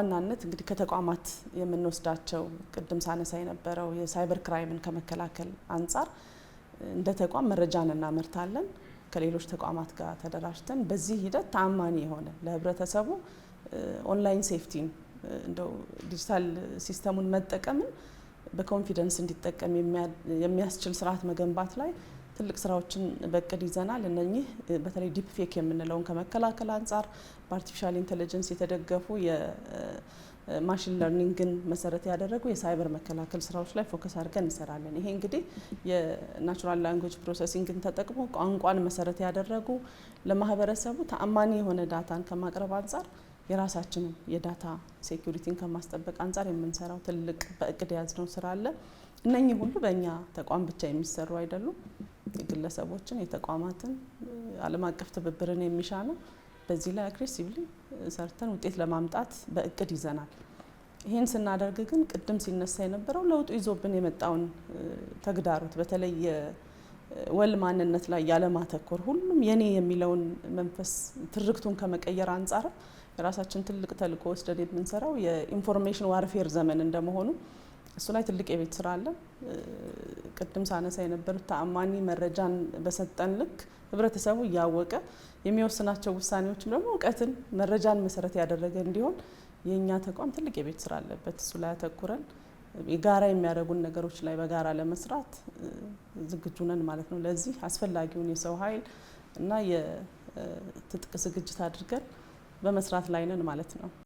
በዋናነት እንግዲህ ከተቋማት የምንወስዳቸው ቅድም ሳነሳ የነበረው የሳይበር ክራይምን ከመከላከል አንጻር እንደ ተቋም መረጃን እናመርታለን ከሌሎች ተቋማት ጋር ተደራጅተን በዚህ ሂደት ተአማኒ የሆነ ለህብረተሰቡ ኦንላይን ሴፍቲን እንደው ዲጂታል ሲስተሙን መጠቀምን በኮንፊደንስ እንዲጠቀም የሚያስችል ስርዓት መገንባት ላይ ትልቅ ስራዎችን በእቅድ ይዘናል። እነኚህ በተለይ ዲፕ ፌክ የምንለውን ከመከላከል አንጻር በአርቲፊሻል ኢንቴሊጀንስ የተደገፉ ማሽን ለርኒንግን መሰረት ያደረጉ የሳይበር መከላከል ስራዎች ላይ ፎከስ አድርገን እንሰራለን። ይሄ እንግዲህ የናቹራል ላንጉጅ ፕሮሰሲንግን ተጠቅሞ ቋንቋን መሰረት ያደረጉ ለማህበረሰቡ ተአማኒ የሆነ ዳታን ከማቅረብ አንጻር የራሳችንን የዳታ ሴኩሪቲን ከማስጠበቅ አንጻር የምንሰራው ትልቅ በእቅድ የያዝነው ስራ አለ። እነኚህ ሁሉ በእኛ ተቋም ብቻ የሚሰሩ አይደሉም። የግለሰቦችን፣ የተቋማትን ዓለም አቀፍ ትብብርን የሚሻ ነው። በዚህ ላይ አግሬሲቭሊ ሰርተን ውጤት ለማምጣት በእቅድ ይዘናል። ይህን ስናደርግ ግን ቅድም ሲነሳ የነበረው ለውጡ ይዞብን የመጣውን ተግዳሮት በተለይ ወል ማንነት ላይ ያለማተኮር ሁሉም የኔ የሚለውን መንፈስ ትርክቱን ከመቀየር አንጻር የራሳችን ትልቅ ተልእኮ ወስደን የምንሰራው የኢንፎርሜሽን ዋርፌር ዘመን እንደመሆኑ እሱ ላይ ትልቅ የቤት ስራ አለ። ቅድም ሳነሳ የነበሩት ተአማኒ መረጃን በሰጠን ልክ ህብረተሰቡ እያወቀ የሚወስናቸው ውሳኔዎችም ደግሞ እውቀትን፣ መረጃን መሰረት ያደረገ እንዲሆን የእኛ ተቋም ትልቅ የቤት ስራ አለበት። እሱ ላይ አተኩረን የጋራ የሚያደርጉን ነገሮች ላይ በጋራ ለመስራት ዝግጁ ነን ማለት ነው። ለዚህ አስፈላጊውን የሰው ኃይል እና የትጥቅ ዝግጅት አድርገን በመስራት ላይ ነን ማለት ነው።